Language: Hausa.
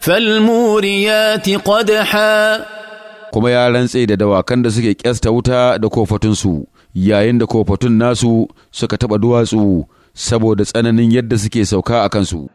فالموريات قدحا kuma ya rantse da dawakan da suke kyasta wuta da kofatunsu yayin da kofatun nasu suka taɓa duwatsu saboda tsananin yadda suke sauka a kansu.